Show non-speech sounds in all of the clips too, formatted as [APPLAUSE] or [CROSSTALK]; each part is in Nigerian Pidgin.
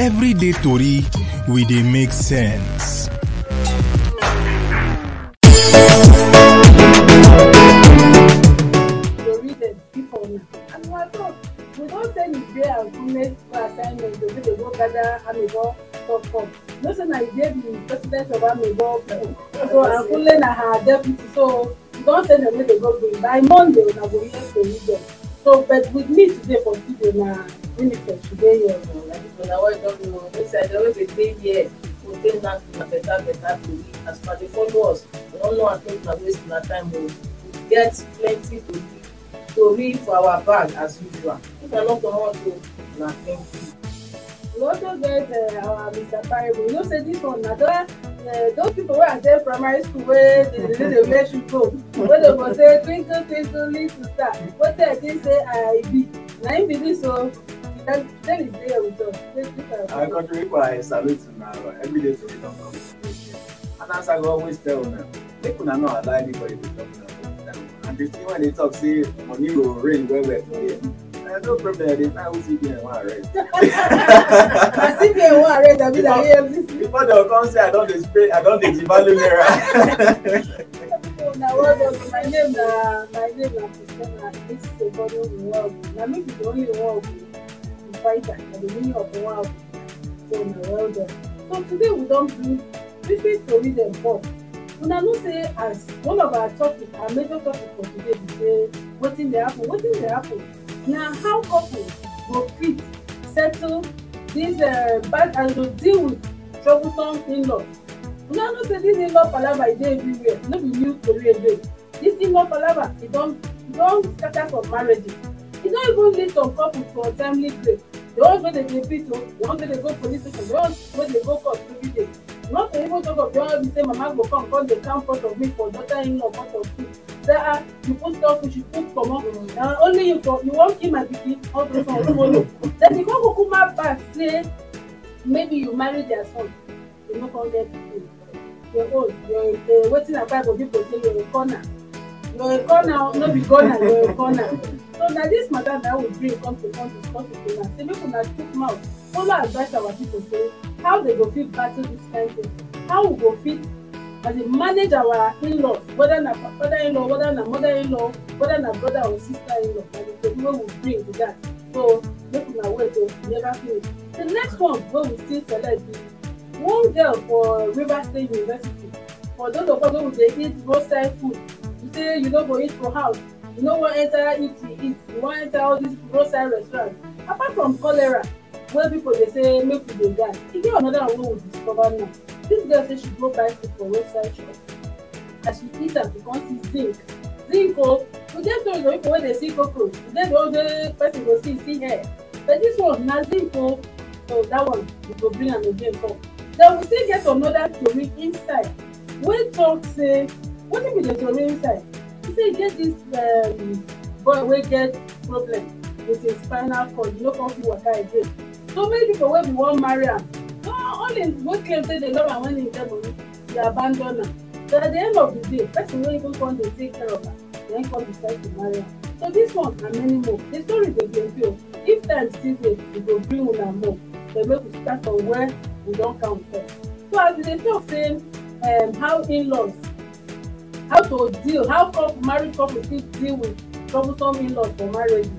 everyday tori we dey make sense. gather amebo talk talk you know say na e dey the president of amebo so akunle na her deputy so we don send dem make dem go bring by monday una go hear story dem so but with me today for studio na limited today um, like people na why government know. wey say i dey always dey dey here go dey knack na better better to as per dey follow us we no know at all na waste na time o oh. we get plenty to do tori for our bag as usual if i no comot o na thank you. we also get uh, our mr paribu you know say this one na that uh, those people wey at ten d primary school wey dey dey dey make you go wey dey go say twinkle twinkle little star wetin i think say i be na him be this o. Oh. So, I then he's there with us. Our now. Every day to we talk And as I always tell them, they are not allow anybody to talk to them. And the thing when they talk, say, money will rain where well, well for you. Eh, no problem, they now will see and one arrest. [LAUGHS] I see and one arrest, I mean, I hear Before they'll come say, I don't display, I don't devalue mirror. na world of my name uh, my name is. christiana uh, this is a body of the world na me the only one fighter and the winner of one out so na well done so today we don do three tori dem come una know say as one of our topic our major topic for today be say wetin dey happen wetin dey happen na how couples go fit settle this uh, bad and go deal with troublesome in-laws una know say this in-law palava e dey everywhere no be new tori again this in-law palava e don e don scatter for marriages e don even lead some couples for untimely break the ones wey dey benefit o the ones wey dey go police station the ones wey dey go court every day not to even talk of the one say mama go come come dey count pot of me for daughter in law pot of food say ah you put stock fish you put comot na only you for you wan kill my pikin all those ones follow then the koko kuma pass say maybe you marry their son you no come get pikin your own your wetin na five obi go say your corner go corner no be corner go corner so na this matter na we bring come to come discuss with una say make una chook mouth follow advice our people say how they go fit battle this kind thing how we go fit as in manage our in-laws whether na father-in-law whether na mother-in-law whether na brother or sister-in-law na the thing wey we bring be that so make una wait o oh, never finish the next one wey we still select be one girl for River state university for those of us wey we dey eat roadside food say you no go eat for house you no wan enter eat eat you wan enter all these roadside restaurants. apart from cholera wey people dey say make we dey die e get another one wey we discover now this girl say she go buy food for roadside shop as she eat am she come see zinc zinc o we get stories of people wey dey see cockroach we get the one wey person go see see hair but this one na zinc o so that one we go bring am again come then we still get another tori inside wey talk say wetin be the solution side you see e get this um, boy wey get problem with him spinal cord You no come fit waka again so many people wey bin wan marry am no all him wey claim say dey love am when him e get money dey abandon am so at the end of the day person wey even come dey take care of am then come decide to marry am so this one and many more the story dey plenty o if time still dey we go bring una more but make we start from where we don count first so as we dey talk say um, how in-laws how to deal how couple married couple fit deal with troublesome in-laws for marriage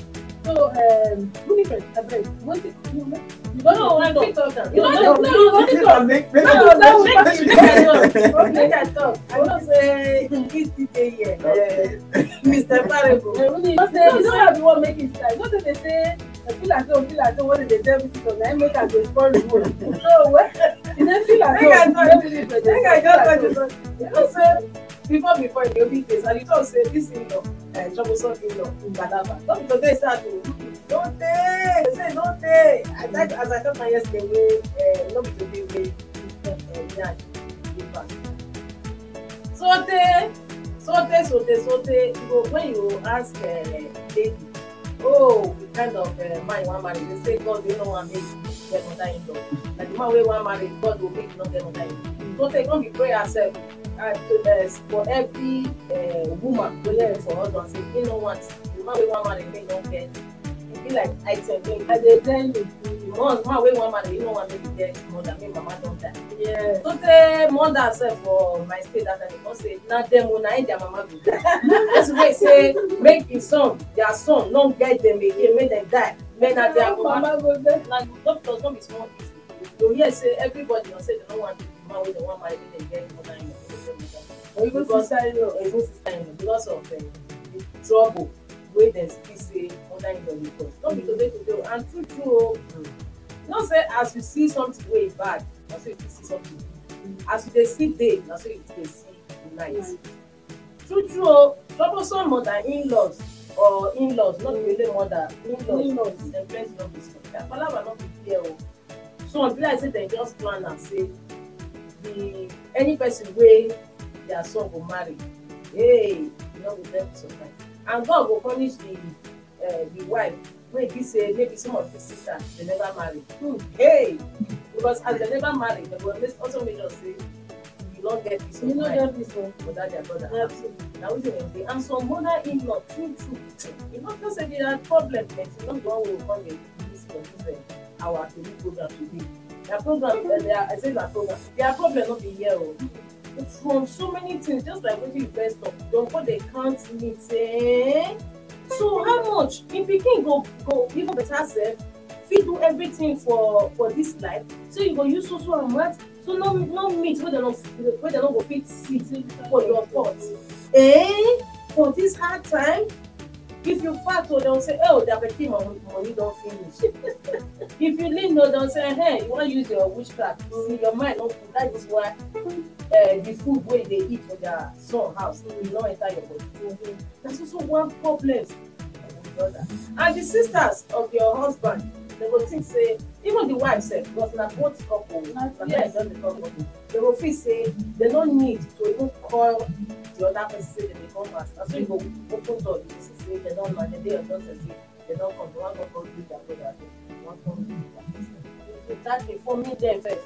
so um, look at abeg wetin you know you don't no, want to talk you don't want to talk. you don't want to talk make make no, no, make make you talk okay make i talk i know say he still dey here mr parable you know say you don't have the one make him style you know say they say eh, feel as though feel as though wetin dey tell visitors na him make am dey spoil the world so [LAUGHS] well you [LAUGHS] dey feel as though make i just make i just talk you know say before before in the olden days and you talk say this eh, in your uh, troublesome in-law gbadaba no be today start o don tey say eh, don tey as i as i talk my yesterday wey uh, no be today wey uh, yan dey pass so sotey so sotey you go when you ask uh, lady oh the kind of uh, man you wan marry they say god wey no wan make get another in-law Like the man wey wan marry god go make no get another in-law sotey no be prayer sef and for every uh, woman go learn for husband say he no want the man wey one man dey make no get e be like item wey i dey tell you the one man wey one man dey no wan make e get mother make mama don die. Yeah. so tey mother sef for my state that time don say na dem o na im their mama go die [LAUGHS] that's why say make im son their son no get dem again make dem die make na their mama go die na doctors no be small business you hear say everybody don say dem no wan do the man wey dem wan marry make dem get mother in law. or even sister-in-law or sister-in-law because of um, the trouble wey dem fit say under igbo because no be today today and true true o oh. you mm. say as you see something wey bad na so you fit see something good as you dey see day na so you dey see night true true o oh. troublesome mother in-laws or in-laws not be only mother in-laws in-laws dem plenty don be so their palava no be there o oh. some be like say dem just plan am say the any person wey their son go marry hey you no go get survive and god go punish the uh, the wife wey be say maybe some of the sisters dey never marry hmm hey because as dem never marry dem go also make sure say you no get this. of you no get peace of mind for that their brother na wetin dem dey and some mother in law true true you no know say dey that problem but you no go wan come dey use for this our tori program today their program eh, their i say their program their problem no be here o. Oh. it's so many things just like what you best don't yonko the count meat eh so how much im pikin go go even better said, fit do everything for for this life so you go use so so and so no no meat wey dem no wey dem no go fit sit for your thoughts. eh for this hard time if you fat o oh, dem say oh diabetes oh, money don't finish [LAUGHS] if you lean don't oh, say hey you wan use your witchcraft mm. see your mind no full that is why uh, the food wey they eat for their son house will not enter your body mm-hmm. na so one problem and the sisters of your husband they will think say even the wife sef because na both couple na yes. they will feel say they don't need to even call the other person say they dey come fast na so you go open door the sister así, que no, magnetio, entonces sí, que no, con one computer, one computer. That dey for me there first.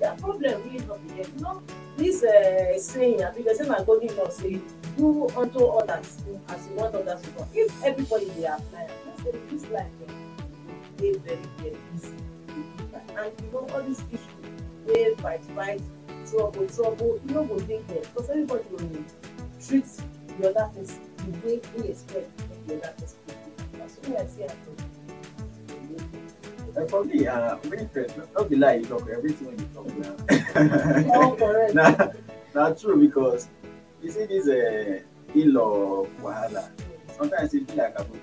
The problem really no be there. You know, this uh, saying, I think the same I go give us say, do unto others as you want others to do. If everybody dey apply, I say this life dey very very easy. And you know all these issues wey fight fight trouble trouble, you no go dey there eh, because everybody will treat the other person and we, we expect people that is for me, uh, Winifred, not the lie, you talk everything you talk now. oh, [LAUGHS] true, because you see this uh, in-law wahala. Sometimes it feel like a body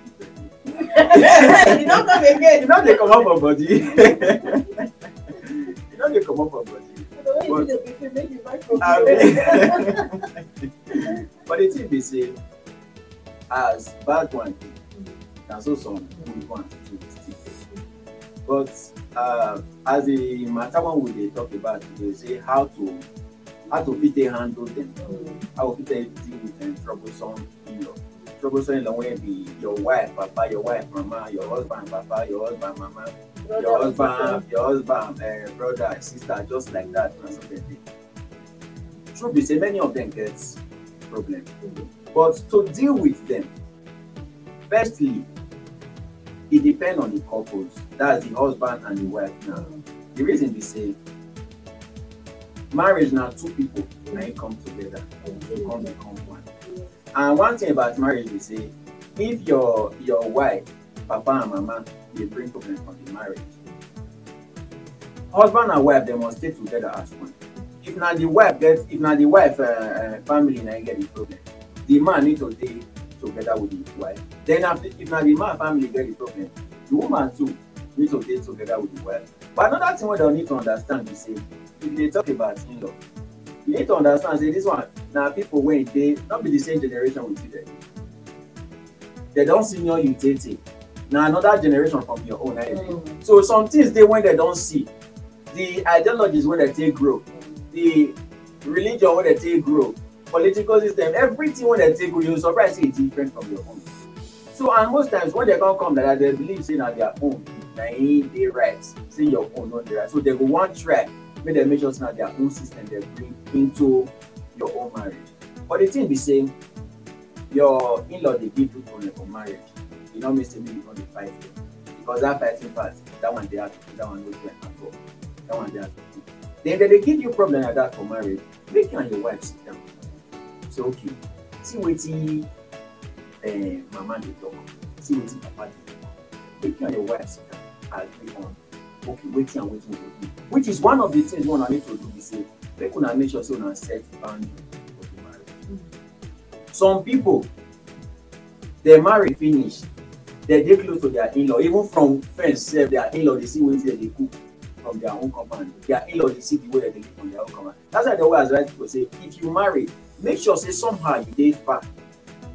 [LAUGHS] You don't come again. You know they come up for body. [LAUGHS] you know they come up for body. But, but, I but the thing be say, as bad one dey na so some good ones too but uh, as the matter one, we they talk about they say how to how to fit handle them. how to fit take deal with them troublesome you know. troublesome in the way be your wife papa your wife mama your husband papa your husband mama brother, your husband your husband uh, brother sister just like that so dem true be say many of them get problem. Mm -hmm. But to deal with them, firstly, it depends on the couples. That's the husband and the wife now. The reason they say marriage now two people may come together, to become one. And one thing about marriage they say, if your your wife, papa and mama, they bring problems on the marriage. Husband and wife they must stay together as one. If not the wife gets, if not the wife uh, uh, family, now get the problem the man need to dey together with his wife then after if na the man family get the problem the woman too need to dey together with the wife but another thing wey dem need to understand be say if they talk about in-law you need to understand say this one na people wey dey no be the same generation with you dem dem don senior you tey tey na another generation from your own mm. so some things dey wey dem don see the ideologies wey dem take grow the religion wey dem take grow political system, everything when they take you, surprise say it's different from your own. So and most times when they can't come like that, they believe say na their own. Na they rights, right, say your own no dey right. So they go one track, make dem make sure their own system they bring into your own marriage. But the thing be saying, your in-law they give you problem for marriage. You no mean say make you no dey fight them. Because that fighting part, that one they have, to do, that one no join at all. That one they have. to do. Then they give you problem like that for marriage. Make you and your wife sit down say okay see wetin um, mama dey talk see wetin papa dey talk make you and your wife sit down agree on okay wetin and wetin we go do which is one of the things wey una need to do be say make una make sure say una set boundary for the marriage mm -hmm. some people dem marry finish dem dey close to their in-law even from friends sef their in-law dey see wetin dem dey cook from their own compound their in-law dey see the way dem dey live from their own compound that's why dem always advise people say if you marry make sure say somehow you dey far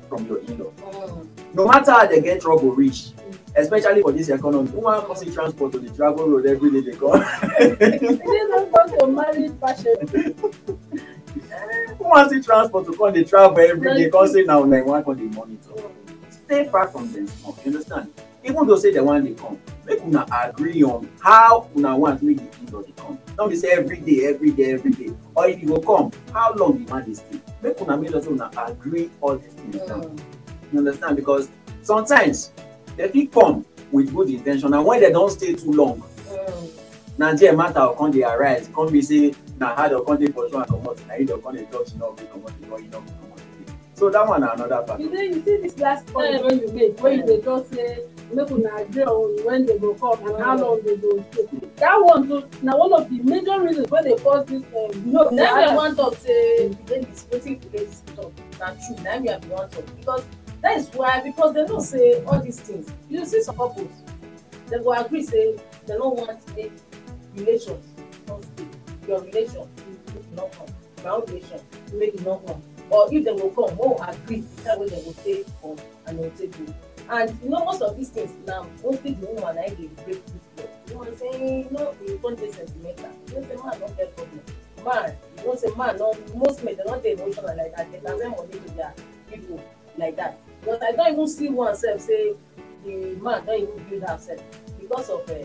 from your in-law oh. no matter how they get trouble reach especially for this economy who wants to see transport to the travel road every day they come. you no go to married passion? who wants see transport to come the travel every day Because now they want you wan monitor oh. stay far from them, you understand even though say the one they come make una agree on how una want make the kingdom dey come no be say every day every day every day or if e go come how long the man dey stay make una make sure say una agree all the things yeah. Mm. you understand because sometimes dem fit come with good intention, and when they don't stay too long yeah. Mm. na there matter go come dey arise come be say na how dem come take pursue am comot na you dem come dey talk you know comot you know you know so that one na another part. you know you see this last point when you make when you dey talk say. make una dey on when they go come and how long they go stay that one too na one of the major reasons wey dey cause this um, no na im i wan talk say ladies wetin the ladies talk na true na im i bin wan talk because that is why because they know say all these things you see some couples they go agree say they no want make relation come stay your relation no come my own relation make e no come or if dem go come we go agree the time wey dem go take come and dem go take go and you know most of these things now mostly the woman na dey break this law you know say no be don dey sentimental you know say man no get problem man you know say man no most men dem no dey emotional like that dem transfer money to their people like that but i don even see one sef say the man don even build house sef because of uh,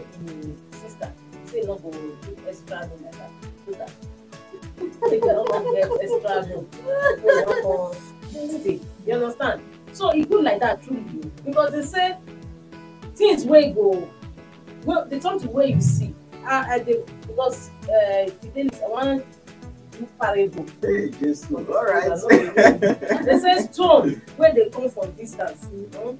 sister say no go do extra loan like that so that make dem no go get extra loan wey dem no stay you understand. so e good like that truly because they say things wey go well they turn to where you see Ah, i dey because uh, eh, today i wan do parable. hey jesus all right they say stone wey dey come from distance you know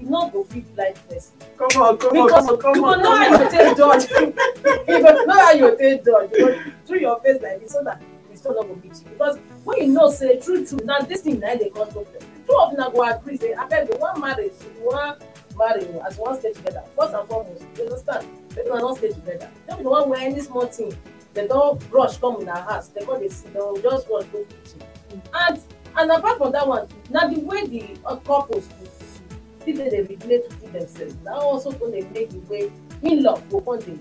e no go fit like person. come on come because on come on come on. you go know how you take dodge [LAUGHS] you go know how you take dodge you go do your face like this so that the stone no go beat you because when you know say true true na this thing na dey cause problem two of una go agree say abeg you wan marry so you wan marry o as you wan stay together first and foremost you understand make una don stay together no be the one wey any small thing dem don rush come una house dem come dey see dem just rush go kitchen and and apart from that one na the way the couples dey still dey dey relate to themselves na also go dey make the way in-law go come dey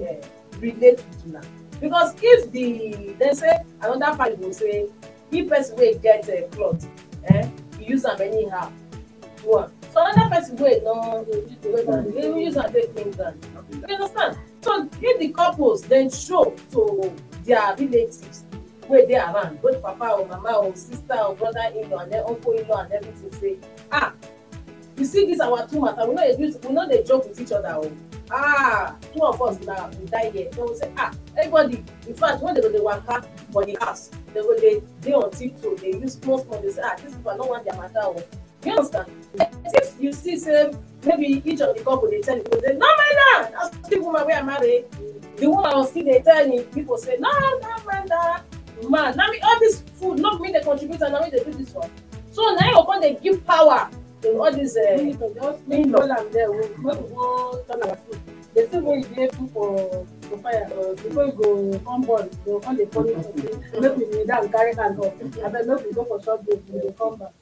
yeah relate with una because if the dem say another party go say if person wey get uh, cloth eh, you use am anyhow. One. So another person wey don wey don dey use am take bring down. You understand? So if the couples dem show to their relatives wey dey around both papa or mama or sister or brother in-law and then uncle in-law and everything say ah you see this our two matter we no dey we no dey joke with each other o. Oh. ah two of us na we die here so we say ah everybody in fact when they go dey waka for the house they go dey dey on tiptoe dey use small small dey say ah these people i no want their matter o oh. you understand if you see say maybe each of the couple dey tell you people say no mind na na still woman wey i marry the woman was still dey tell the people say no no mind na man na me all this food no be me dey contribute am na me dey do this one so na him go come dey give power in all this uh, just clean all am there we go go turn our food the same way dey cook for for fire uh, before you go come born go come dey follow me say make we kneel down carry hand up abeg make we go for short break we dey come back.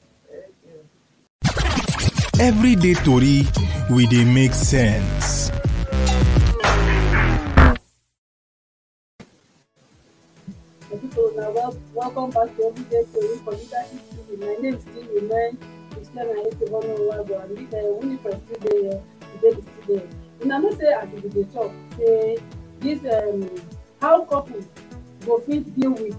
everyday tori we dey make sense. people una welcome back to everyday tori for leadership tv my name still remain tell my head say one one one go abi eh winifred still dey here baby still dey here una know say as we dey talk say this um, how couples go fit deal with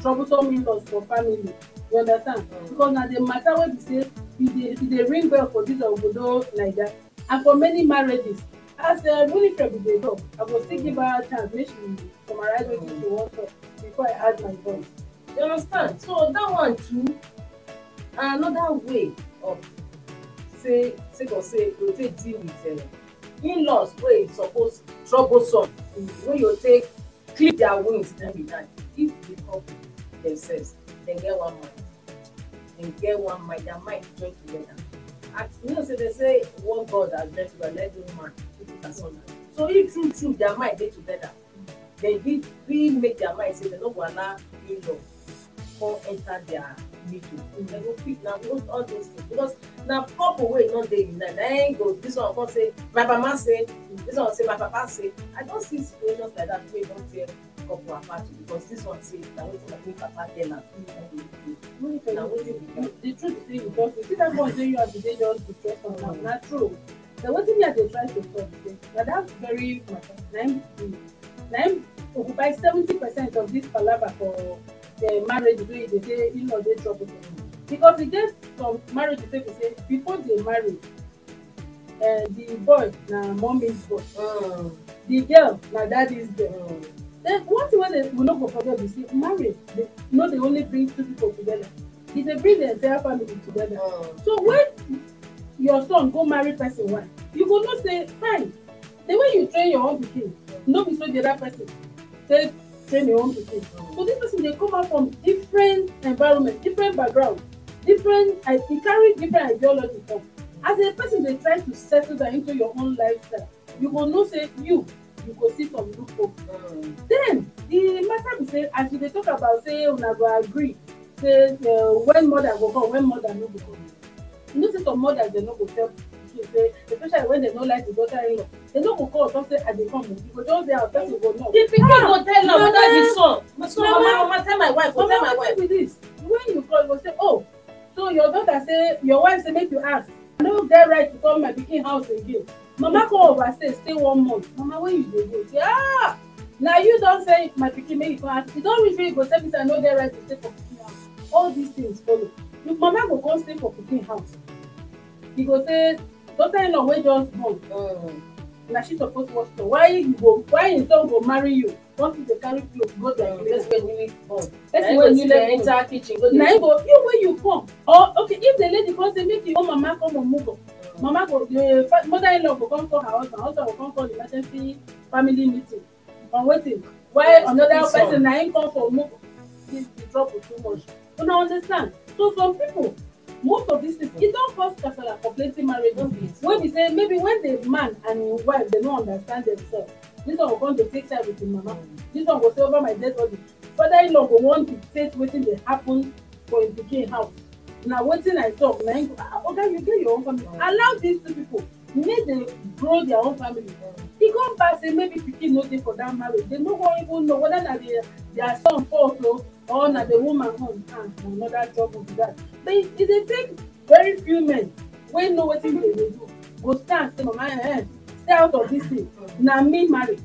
troublesome in-laws for family you understand mm. because na the matter wey be say e dey e dey ring bell for this obodo naija and for many marriages as uh, winifred bin dey talk i go still give her chance make she summarize wetin she wan talk before i add my voice. you understand so that one too another way up say sake of say you take deal with uh, in-laws wey e suppose troublesome wey you take clip their wings time be that if the couple themselves dem get one mind dem get one mind their mind join together as you know say they say one god has blessed you and every man people can son am so if true true their mind dey together dem fit fit make their mind say dem no go allow in-law come enter their middle go fit na those all those things because na couple wey no dey unite na im go this one come say my mama say this one say my papa say i don see situations like that wey don tear couple apart because this one say na wetin my big papa tell am he dey do na wetin be that. the truth be because you see that one wey you and the day just dey trust on am na true na wetin me i dey try to talk be say na that very matter na im na im occupy seventy percent of this palava for uh, marriage wey dey say in-law dey trouble dem because e get some marriage wey be say before they marry uh, the boy na mommy's boy uh, oh. the girl na daddy's girl. Uh, oh. then one thing wey we no go forget be say marriage dey no dey only bring two people together e dey bring the entire family together uh. so when your son go marry person wife you go know say fine the way you train your own pikin no be so the other person take train your own pikin so this person dey come out from different environment different background different i e carry different ideology come as a person dey try to settle down into your own lifestyle you go know say you you go see some loophole mm. then the matter be say as you dey talk about say una go agree say uh, when mother go come when mother no go come you know say some mothers dem no go tell you say especially when they no like the daughter in law dem no go call talk say i dey come o you go just dey house person go know. the pikin ah, go tell am whether the son my mama mama tell my wife go tell my wife. mama wetin be this when you call you go say oh so your daughter say your wife say make you ask i no get right to come my pikin house again mama come overstay stay one month mama where you dey go say ah na you don say my pikin make you come ask you e don reach where go tell me say i no get right to stay for pikin house all these things follow you mama go come stay for pikin house you e go say daughter-in-law so wey just born na she suppose watch so why you go why im son go marry you once you dey carry cloth go there you just wait newly born person wey newly born enter kitchen go dey na go you wey you come or okay if the lady come say make you own mama come go. Mm. mama go the mother-in-law go come call her husband husband go come call emergency family meeting on wetin why another person na him come for go. this the trouble too much una understand so some people most of these people e don cause kasala for plenty marriages wey be say maybe when the man and him wife dey no understand themselves this one go come dey take time with him mama this one go say over my dead body father-in-law go wan dictate wetin dey happen for him pikin house na wetin i talk na him go ah, ah oga you get your own family allow these two people make dem grow their own family e come back say maybe pikin no dey for that marriage dem no wan even know whether na the their son fault o or na the woman own and another trouble be that they e dey take very few men wey know wetin dem dey do go stand say mama eh, eh stay out of this thing na me marry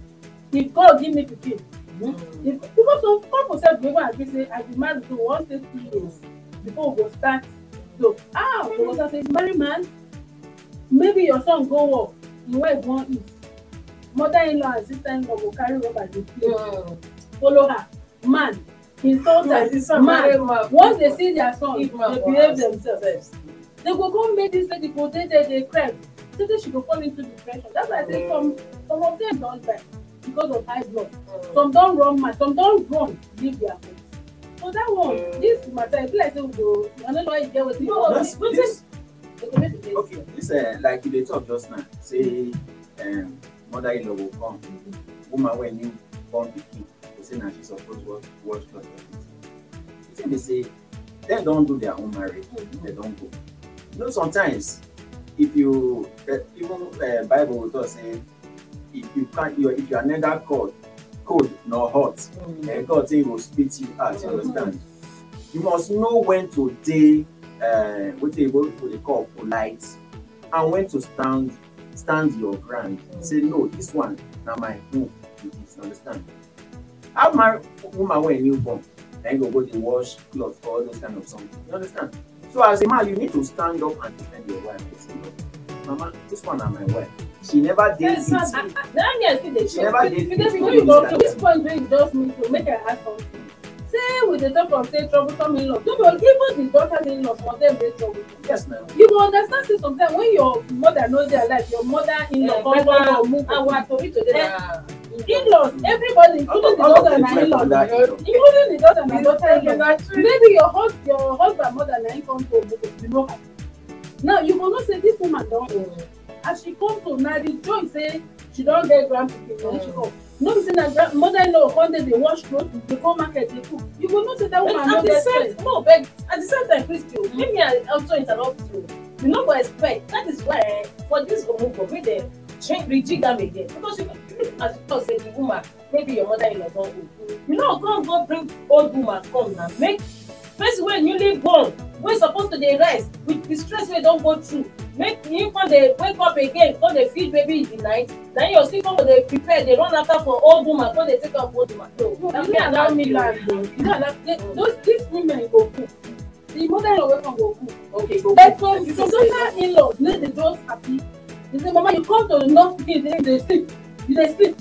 if god give me pikin mm if because some couple sef dey even agree say i be marry so we wan stay two years before we go start so ah we go start say marry man maybe your son go work im wife wan eat mother-in-law and sister-in-law go carry rubber dey play follow her man insulted man once they see their son they behave themselves they go come make this lady go dey there dey cry so that she go fall into depression that's why i say some some of them don die because of high blood mm. some don run mad some don run leave their home so that one mm. this matter e be like say we go i no know why you get wetin you want but this okay this uh, like you dey talk just now say um, mother-in-law go come woman wey new born pikin and she's supposed to watch You they say they don't do their own marriage, mm-hmm. they don't go. You know, sometimes if you eh, even uh, Bible will saying if you can't you if you are neither cold, cold nor hot, mm-hmm. Eh, God say will spit you out, you mm-hmm. understand? Mm-hmm. You must know when to day uh, what they what they call polite and when to stand stand your ground. Mm-hmm. Say no, this one now my own. You understand? How my woman wear new newborn, then you go to wash cloth for all those kind of something. You understand? So as a man, you need to stand up and defend your wife. Say, no, Mama, this one are my wife. She never did yes, it. Yes, ma'am. That year dey show. She never did it. Because when you to this point where you just need to make her ask something. Say we dey talk from say troublesome in-laws. No be even the daughter in-laws for them dey trouble. Yes ma'am. You go understand say sometimes when your mother no dey alive, your mother in-law come come come move. Our tori today eh, in-laws, everybody, including the daughter, and my in-laws, including the daughter and my daughter-in-law. Maybe your husband, your husband mother na him come home, you know her. Now you go know say this woman don old. As she come to na Joy say she don get grand grandpikin when she come. No be say na mother-in-law come dey dey wash cloth, dey go market dey cook. You go know say that woman no get sense. No, but at the same time, Christy, make me also interrupt you. You no go expect. That is why eh, for this Omugbo, make dem change rejig am again because you as you talk say the woman maybe your mother-in-law don old you no come go bring old woman come na make person wey newly born wey suppose to dey rest with the stress wey don go through make him come dey wake up again come dey feed baby in the night na him still come go dey prepare dey run after for old woman come dey take care of old woman. no na me allow me land o you no those these women go cook the mother-in-law wey come go cook. okay go cook but for the social in-law no dey just happy they say mama you come to the [LAUGHS] north. they say you dey sleep you dey sleep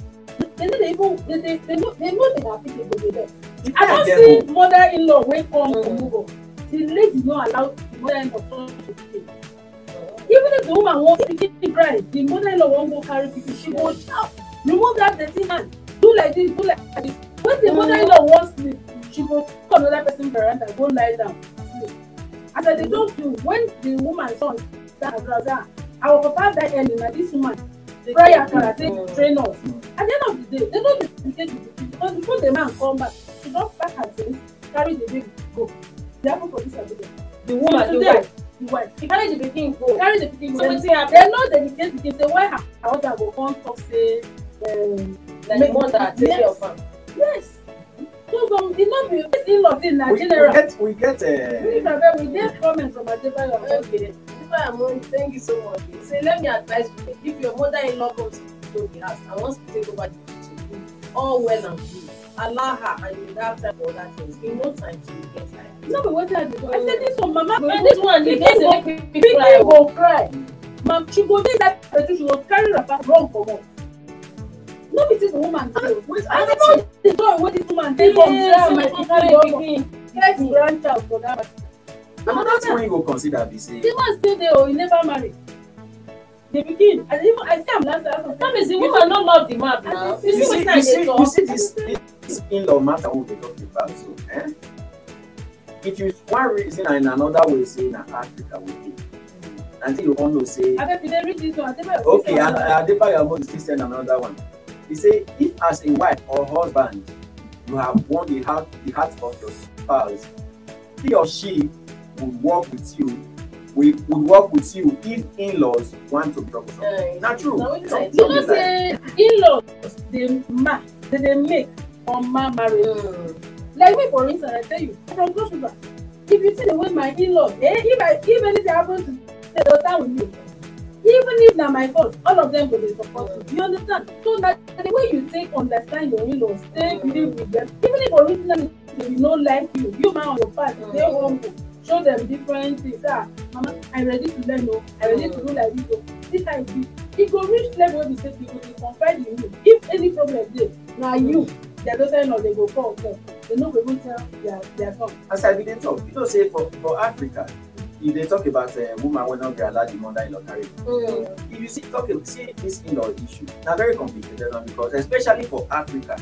they no dey even they dey they no they no dey happy they go dey i don see mother in-law wey come mm. from the lady no allow the mother in-law come to even if the woman wan pikin cry the mother in-law wan go carry pikin she go shout remove that dirty hand do like this do like this when the mm. mother in-law wan sleep she go call another person veranda go lie down sleep as i dey talk to when the woman son start as as our papa die early na this woman dey prayer kara take train us at the end of the day they no dey communicate the people because before the man come back she don pack her things carry the baby go dey happen for this abidjan the woman the wife the wife she carry the pikin go carry the pikin go so dem no dedicate pikin say why her her go come talk say um, mother take care of am yes so from the no be this in-law thing na general we get we get uh... Eh, we get comment from adebayo okay is I'm on. Thank you so much. He said, let me advise you. If your mother-in-law comes to the house and wants to take over the kitchen, all well and good. Allow her and you have time for that things. In no time, she will get tired. No, but what I did. I said, this one, mama, but this one, the thing go, make me cry. go cry. Mom, she go this that person, she go carry wrong for more. No be a woman I don't know the joy wey this woman dey from. Yes, my Yes, Get grandchild for that na that's when you will consider be say. the still there, oh, he never marry They begin and even i see am not. time that means the woman no love the man you see you oh. see this this in-law matter who we talk about so eh if you one reason and another way say na africa we be. until you all know say. abeg dey read this one uh, adebayo. okay adebayo omo still send another one he say if as a wife or husband you have won the heart the heart of your spouse he or she would work with you we would work with you if in-laws want to drop something. Uh, true you know say in-laws they ma they make on ma marriage. Mm. like me for instance i tell you from cross if you see the way my in-laws eh if i if anything happen to the daughter with me even if that my fault all of them will be supportive. me you understand so na the way you take understand your in-laws take hmm. live with them even if originally they no like you you man on your part they're hmm. humble. show them different things ah mama i ready to learn o oh. i ready to do like this o see how e be e go reach level wey be say you go dey confide in you if any problem dey na you their daughter in law dey go call for they no go even tell their their son. as i bin dey talk you know say for for africa you dey talk about uh, woman wey no gree allow the mother in law carry mm. if you see talk about see this in law issue na very complicated one um, because especially for africa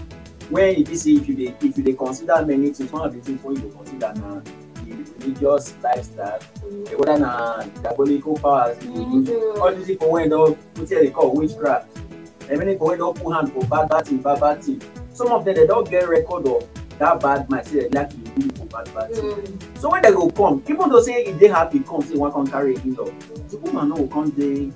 when e be say if you dey if you dey consider many things one of the things wey you dey consider na religious lifestyle whether na diabolical powers mm-hmm. all these people wey don wetin dem dey call witchcraft and many people wey don put hand for bad bad thing bad bad thing some of them they don't get record of that bad myself. say dem like to dey do people bad bad thing mm. so when they go come people don't say e dey happy come say e wan carry again dog the woman no go come dey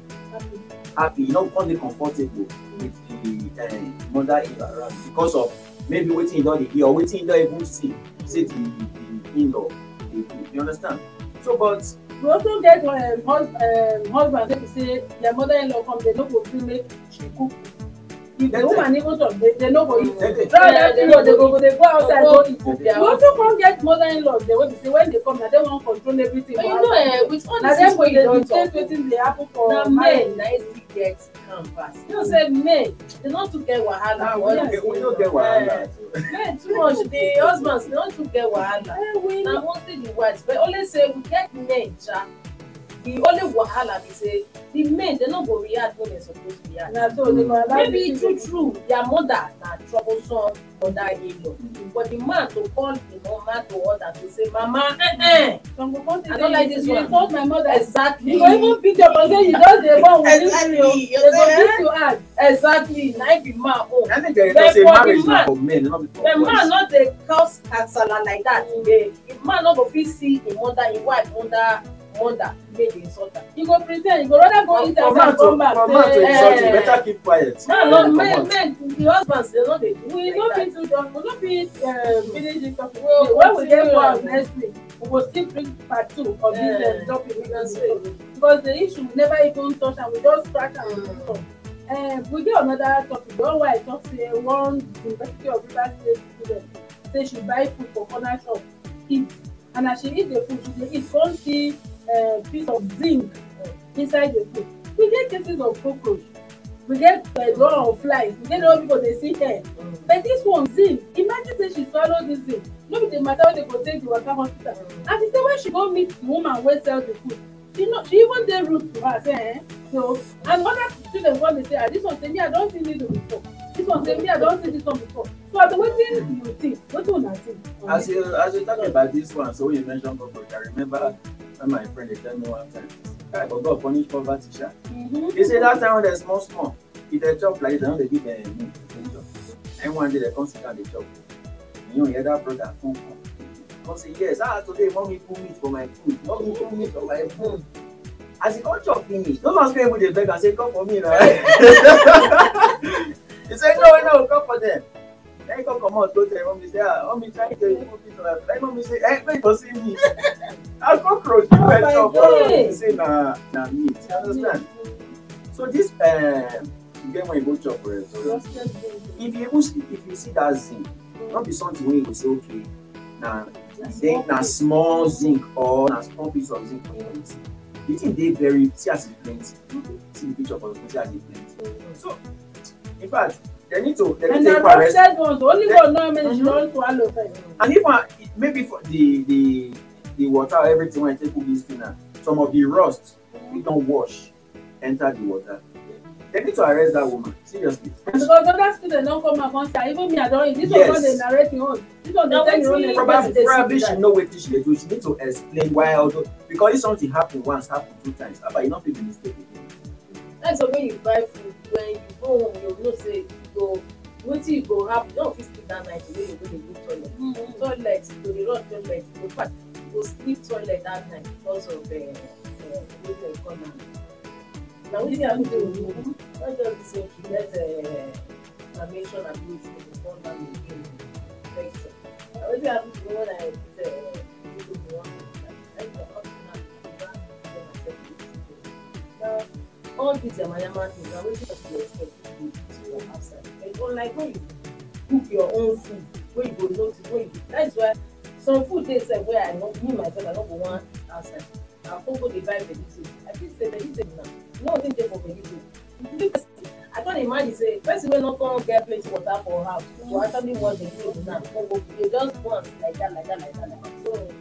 happy e no go come dey comfortable with the uh, mother in law around because of maybe waiting e the dey hear or wetin e don see say the the in law you understand so but. you also get um, hus um, husband say their mother-in-law come they no go fit make she cook If the woman even talk, they, they know for you. Drive that period, they go, they go outside, go eat. You also come get mother-in-law, they will say when they come, na they wan control everything. But you know, eh, with all this wey you don talk, na them go dey dictate wetin dey happen for marriage. Na men na easy get calm pass. You know say men, they no too get wahala. We no get eh, wahala. Men too much, the husbands, they no too get wahala. Eh, na mostly the wives, but always say we get men, sha the only wahala be say the men dem no go react when dem suppose react na so they go allow maybe true true their mother na troublesome mother in-law mm-hmm. But the man to call the mama to order to say mama eh eh i don like this one insult my mother exactly you even beat your body you just dey born with this real oh. they go beat eh? you hard exactly na it be man own but for the man the man no dey cause kasala like that mm. eh, the man no go fit see him mother him wife under mother make dey insult am you go pre ten d you go rather go eat outside come back say eh better keep quiet no no men men the husbands dey no dey we no fit do that we no fit um, finish the topic when we get more next week we go still bring part two of this um, topic we don because the issue we never even touch am we just scratch am with the top. Uh, we get um, another topic one why i talk say one university of rivers state student say she buy food for corner shop eat and as she eat the food she dey eat come see uh, piece of zinc uh, inside the food. We get cases of cockroach. We get a uh, lot of flies. We get a lot of people they see here. Mm. But this one, zinc, imagine say she swallowed this zinc. No the matter what they go take the waka hospital. And she said when she go meet the woman where sell the food, she know, she even dey root to her say eh so and other students wan dey say ah this one say me i don't see needle before this one say me i don't see this one before so abeg wetin you think What do you think. as you as you talk about this one so you mentioned cockroach i remember time my friend dey tell me one time guy but god punish poverty sha mm-hmm. They say that time when dem small small if dem chop like this dem no give dem meat to chop and one day dem come sit down dey chop you know your elder brother come come come say yes ah today mommy pull meat for my food mommy pull meat for my food as he come chop finish those ones wey to dey beg am say come for me na [LAUGHS] he say no no come for them lẹ́yìn tó come out, ah, eh, go tẹ̀ wọ́n mi sí à wọ́n mi tí wọ́n tẹ̀ wọ́n mi sọ̀rọ̀ lẹ́yìn wọ́n mi sí ẹ pé ìtọ́ sí mi akókòrò tí wọ́n tẹ̀ ọ̀pọ̀lọpọ̀ na na me you understand so this um, get one igbo chop for restaurant if you even see if you see that zinc no be something wey you go say okay na zinc na small zinc or na small piece of zinc for your medicine the thing dey very see as e plenty see the picture for the hospital as e plenty so in fact they need to they need and to take arrest. And ones only one know how many she don swallow first. And even maybe for the the the water everything when you take cook this thing some of the rust don't wash enter the water. They need to arrest that woman seriously. Because other students not come out one even me I don eat this yes. one don dey narrate this one dey tell Probably probably she know what she dey do she need to explain why although because if something happened once happened two times but you no fit be mistake That's the way you buy food when you go home you know say go wetin you go happen you no fit sleep that night wey you go dey go toilet mm -hmm. toilet you go dey run toilet you go pack you go sleep toilet that night because of the dem call am na wetin I'm dey do not just be say she get eh, inflammation and weight go dey come down again infection na wetin happen to me when i get go to one hospital now all this yamayama thing na wetin i dey expect. To eat for outside but unlike when you cook your own food wey you go to, wey you go that's why some food dey sef wey i no me myself i no go wan outside na congo dey buy vegetable i feel say vegetable na thing dey for vegetable you fit i don imagine say person wey no come get plenty water for house go actually want vegetable now go go dey just want like that like that like that like that so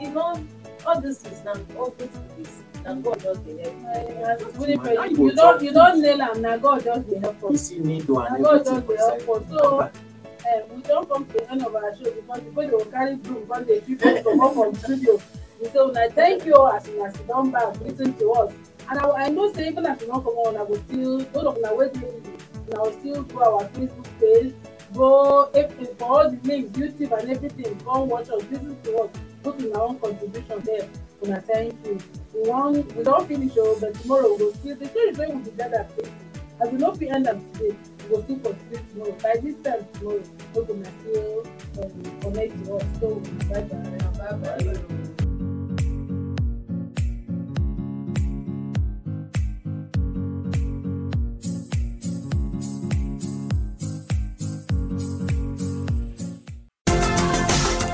e no all this is now all good is and God just dey help you. Really pray. If you don you don nail am na God just dey help us. Na God just dey help So um, we not come to the end of our show because the way they go carry broom come dey keep us comot from studio. We say una thank you all as una sit down back lis to us. And I, I know say even if you don't come on, I will still do those of my wey dey una go still go our Facebook page go if, if for all the links YouTube and everything come watch us lis ten to us put our own contribution there una thank you we won't. we won't finish but tomorrow we will still the things wey we dey gather today as we no fit end am today we will still continue tomorrow by this time tomorrow make una still um, connect to us so bye bye. bye, -bye.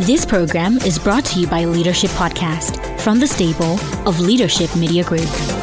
This program is brought to you by Leadership Podcast from the stable of Leadership Media Group.